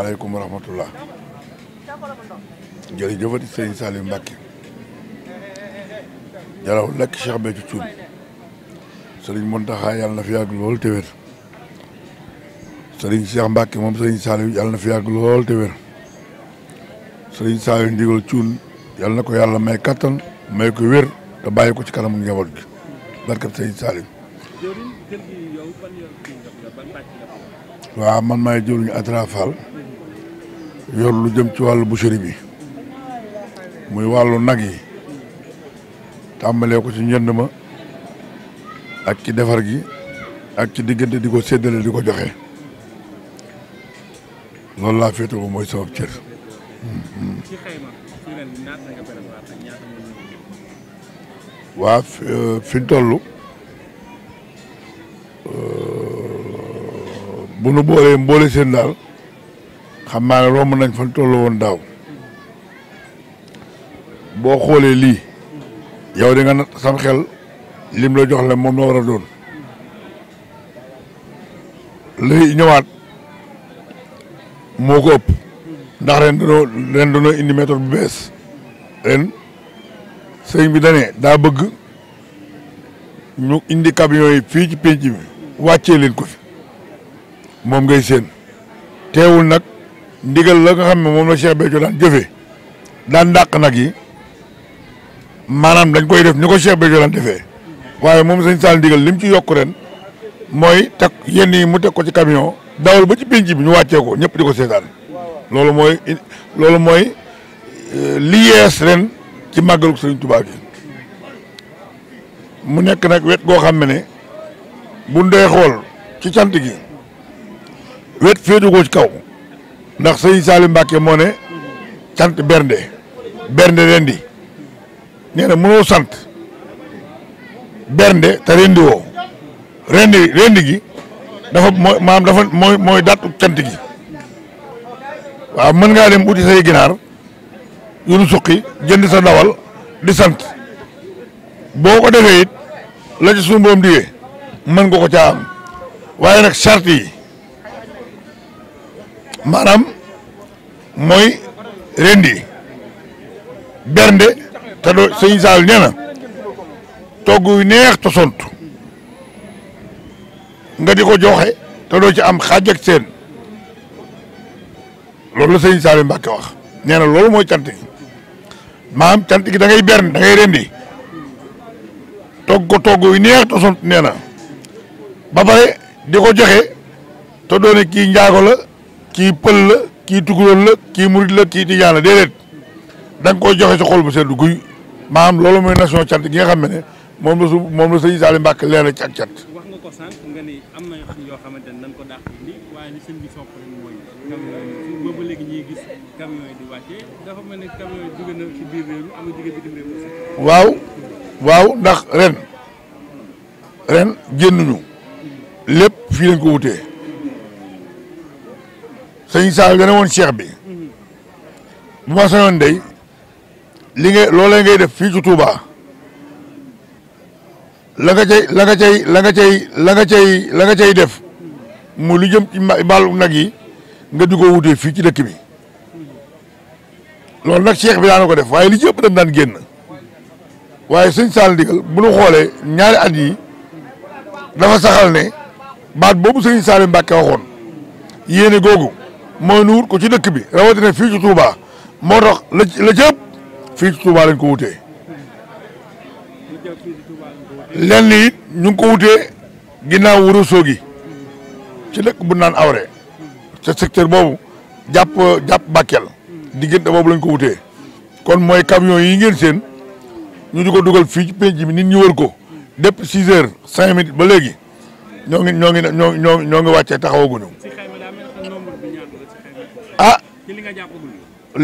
asalaamaaleykum wa rahmatullah jërëjëfati sëriñ Saliou Mbacke jaraw lekk Cheikh Béthio Thioune sëriñ Mountakha yàlla na fi yàgg lool te wér sëriñ Cheikh Mbacke moom sëriñ Saliou yàlla na fi yàgg lool te wér sëriñ Saliou ndigal Thioune yàlla na ko yàlla may kattan may ko wér te bàyyi ko ci kanamu njaboot gi barkab sëriñ Saliou waaw man maay jëluñu Atra yor lu jëm ci wàllu boucherie bi muy wàllu nag yi tàmbalee ko ci njënd ma ak ci defar gi ak ci diggante di ko séddale di ko joxe loolu laa féete mooy sabab cër waa fi euh, ñu Euh, bu nu boole mboole seen daal xam naa ne romb nañ fan tollu woon daaw boo xoolee lii yow di nga nat sam xel lim la jox la moom la war a doon lay ñëwaat moo ko ëpp ndax ren danoo ren danoo indi méthode bu bees ren sëñ bi dane daa bëgg ñu indi camion yi fii ci pénc bi wàccee leen ko fi moom ngay seen teewul nag ndigal la nga xam ne moom la Cheikh Béthio daan jëfee daan dàq nag yi maanaam dañ koy def ni ko Cheikh Béthio daan defee waaye moom sëñ Sall ndigal li ci yokk ren mooy teg yenn yi mu teg ko ci camion dawal ba ci penc bi ñu wàccee ko ñëpp di ko seetaan loolu mooy mooy euh, li yees ren ci màggalu Sëriñ Tuubaa gi mu nekk nag wet goo xam ne ne bu ndee xool ci cant gi wet féetu ko ci kaw ndax sëñ Saali Mbàkke moo ne cant bernde bernde rendi nee mënoo sant bernde te rendi woo rendi rendi gi dafa mooy maanaam dafa mooy mooy datu cant gi waaw mën ngaa dem uti say ginaar yu nu suqi jënd sa dawal di sant boo ko defee it la ci suñu borom digee mën nga ko caa am waaye nag charte yi maanaam mooy rendi bernde te doo sëñ Saal nee na togg yu neex te sont nga di ko joxe te doo ci am xaaj ak seen loolu la sëñ Saal Mbàkke wax nee loolu mooy cant gi maanaam cant gi da ngay bernde da ngay rendi togg ko togg yu neex te sont nee na ba pare di ko joxe te doone kii njaago la kii pël la kii tukulóon la kii murit la kii tijaan la déedéet da koy joxe si xol bu sedd guy maam loolu mooy nation cant nga xam ne moom la su moom la sëñ Saliou Mbacke leer na cant ni am na yoo xamante ne dañ ko dàq indi waaye li sëñ bi waaw waaw ndax ren ren génnuñu. lépp fii lañ ko wutee sëñ Sall dana woon cheikh bi bu ma sañoon day li nga loolee ngay def fii ci Touba la nga cay la nga cay la cay la nga cay la nga cay def mu lu jëm ci mbaalu nag yi nga di ko wutee fii ci dëkk bi loolu nag cheikh bi daana ko def waaye li ci ëpp dañ daan génn waaye sëñ Sall ndigal bu ñu xoolee ñaari at yi dafa saxal ne baat boobu sëriñ Saaliw Mbàkke waxoon yéene googu mooy nuur ko ci dëkk bi rawatina fii ci Touba moo tax la la cëpp fii ci Touba lañ ko wutee lenn it ñu ngi ko wutee ginnaaw wurusoo gi ci dëkk bu naan awre ca secteur boobu jàpp jàpp Bakel diggante boobu lañ ko wutee kon mooy camion yi ngeen seen ñu di ko dugal fii ci penc mi nit ñi wër ko depuis six heures cinq minutes ba léegi ñoo ngi ñoo ngi ñoo ñoo ñoo ngi wàccee taxawaguñu. ah.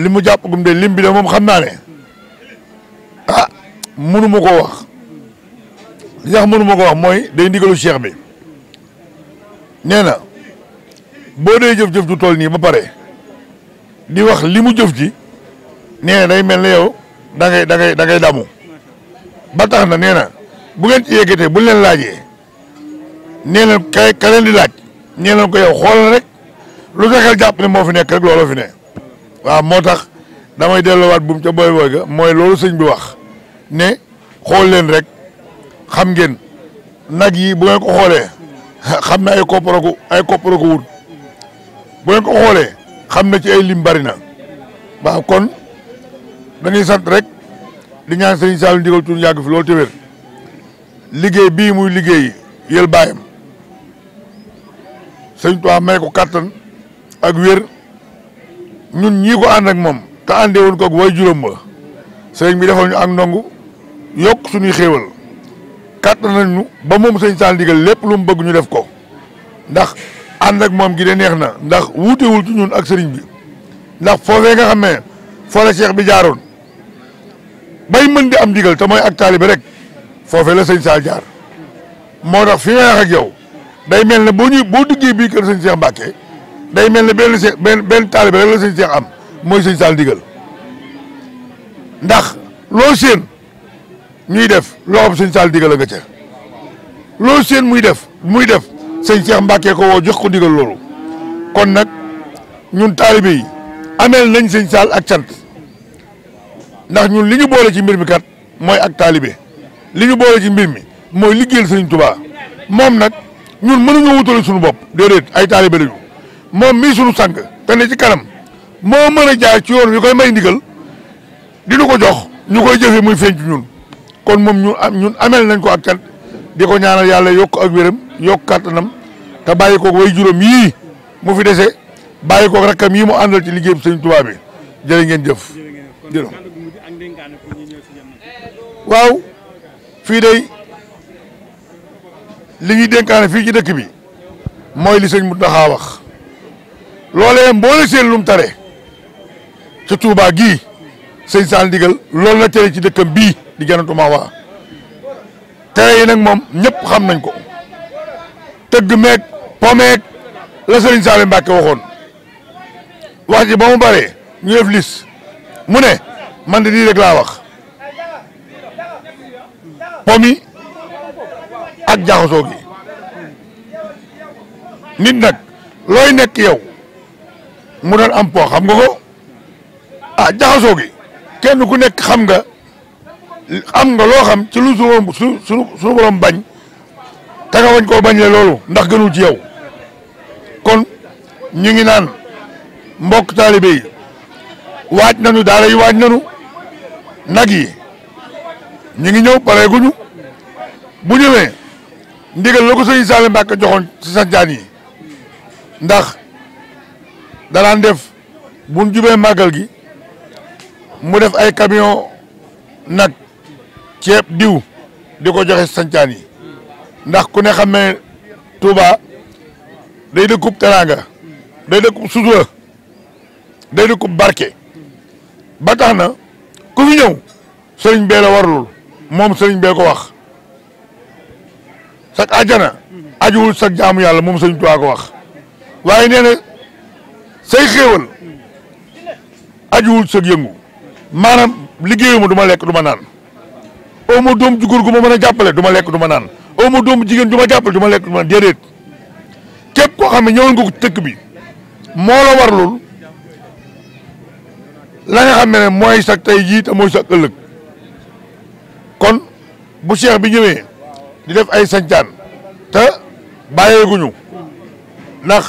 li mu jàppagum de lim bi de moom xam naa ne ah mënu ma koo wax li tax mënu ko wax mooy day ndigalu seex bi nee na boo dee jëf-jëf ju toll nii ba pare di wax li mu jëf ji nee na day mel ne yow dangay ngay da damu ba tax na nee na bu ngeen ci yëkkatee bu leen laajee. nee leen ka ka leen di laaj ko yow xoolal rek lu sa xel jàpp ne moo fi nekk rek looloo fi ne waaw moo tax damay delluwaat bu mu ca booy booy ga mooy loolu sëñ bi wax ne xool leen rek xam ngeen nag yi bu ngeen ko xoolee xam na ay kopparaku ay kopparaku wut bu ngeen ko xoolee xam na ci ay lim bari na waaw kon dañuy sant rek di ñaan sëñ Saliou ndigal tuun yàgg fi loolu te wér liggéey bii muy liggéey yël bàyyam sëñ Tuubaa may ko kattan ak wér ñun ñii ko ànd ak moom te àndee woon ko ak way juróom ba sëñ bi defal ak ndongu yokk suñuy xéewal ba moom sëñ lépp lu mu bëgg ñu def ko ndax ànd ak moom gi de neex na ndax wuutewul ci ñun ak sëriñ bi ndax foofee nga xam ne foola cheikh bi jaaroon bay mën di am digal te mooy ak taalibe rek foofee la sëñ Sall jaar moo tax fi may wax ak yow day mel ne boo ñuy boo duggee bii kër sëñ Cheikh Mbacke day mel ne benn se benn benn taalibe rek la sëñ Cheikh am mooy sëñ Sall digal ndax loo seen ñuy def loxob sëñ Sall loo seen muy def muy def sëñ Cheikh Mbacke ko woo jox ko digal loolu kon nag ñun taalibe yi ameel nañ sëñ Sall ak cant ndax ñun li ñu boole ci mbir mi kat mooy ak taalibe li ñu boole ci mbir mi mooy liggéeyal sëñ Touba moom nag. ñun mënuñu wutale suñu bopp déedéet ay taalibe lañu moom mii suñu sang te ci kanam moo mën a jaar ci yoon wi koy may ndigal di ko jox ñu koy jëfee muy feeñ ci ñun kon moom ñun ñun amel nañ ko ak kat di ko ñaanal yàlla yokk ak wéram yokk kàttanam te bàyyi koog way juróom yii mu fi dese bàyyi koog rakkam yii mu àndal ci liggéey sëñ Tuubaa bi jërë ngeen jëf jërë waaw fii day li ñuy dénkaane fii ci dëkk bi mooy li sëñ Mountakha wax loolee mboole seen lum tare ca Touba gii sëñ Sall ndigal loolu la tere ci dëkkam bii di Jannatul Mahwa tere yi nag moom ñëpp xam nañ ko tëgg meeg pomeeg la sëriñ Sall Mbàkke waxoon wax ji ba mu bare ñu lis mu ne man de lii rek laa wax pomi ak jaxasoo gi nit nag looy nekk yow mu doon am po xam nga ko ah jaxasoo gi kenn ku nekk xam nga xam nga loo xam ci lu suñu su suñu borom bañ te nga wañ koo bañ le loolu ndax gënul ci yaw kon ñu ngi naan mbokk taalibe yi waaj nañu daara yi waaj nañu nag yi ñu ngi ñëw pareeguñu bu ñëwee ndigal la ko sëñ Saaliw Mbàkke joxoon ci santaan yi ndax danaan def buñ jubee màggal gi mu def ay kamiyon nag ceeb diw di ko joxe santaan yi ndax ku ne xam ne Touba day dëkkub teraanga day dëkkub sutura day dëkkub barke ba tax na ku fi ñëw sëriñ bee la moom sëriñ bee ko wax sag àjjana ajuwul sag jaamu yàlla moom sëñ Tuubaa ko wax waaye nee sëy say xéewal wul sag yëngu maanaam liggéeyuma du ma lekk du ma naan au ma doom jugóor gu ma mën a jàppale du ma lekk du ma naan ma doom jigéen ju ma jàppale du ma lekk du ma naan déedéet képp koo xam ne ñëwal nga ko tëkk bi moo la warlul la nga xam ne mooy sag tey jiit te mooy sag ëllëg kon bu cheikh bi ñëwee di def ay sañcaan te bàyyeeguñu ndax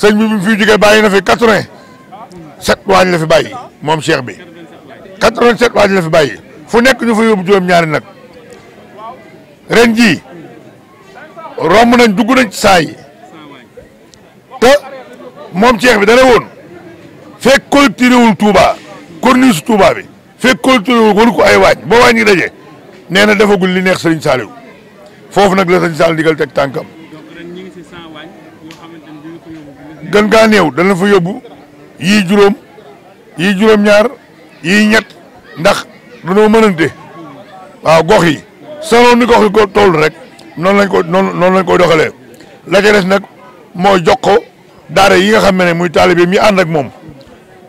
sëñ bi bi mu fi jógee bàyyi na fi quatre-vingt-sept waañ la fi bàyyi moom cheikh bi quatre-vingt-sept waañ la fi bàyyi fu nekk ñu fa yóbbu juróom-ñaari nag ren jii romb nañ dugg nañ ci saa yi te bi dana woon fekk tiire wul tuuba corniche Touba bi fekk collecté wul waru ko ay waañ boo waañ ngi daje nee na defagul li neex Serigne Saliou foofu nag la Serigne Saliou digal teg tànkam. gan gaa néew dana fa yóbbu yi juróom yi juróom-ñaar yii ñett ndax dañoo mënante waaw gox yi selon ni gox yi ko toll rek noonu lañ ko noonu lañ koy doxalee la ca nag moo jox ko daara yi nga xam ne muy taalibe mi ànd ak moom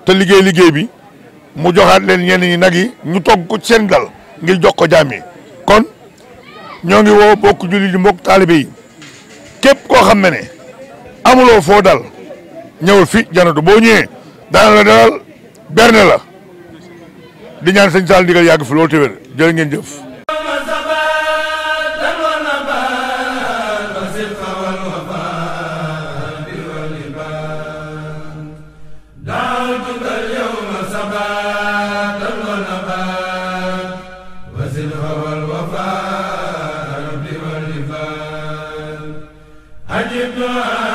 te liggéey liggéey bi mu joxaat leen ñenn ñi nag yi ñu togg ko seen dal ngi jox ko jaam kon ñoo ngi woo bokk jullit yi mbokk taalibe yi képp koo xam ne ne amuloo foo dal ñëwul fi janatu boo ñëwee daana la dalal berne di ñaan sëñ Sall ndigal yàgg fi loolu téwér jërë ngeen jëf Ibn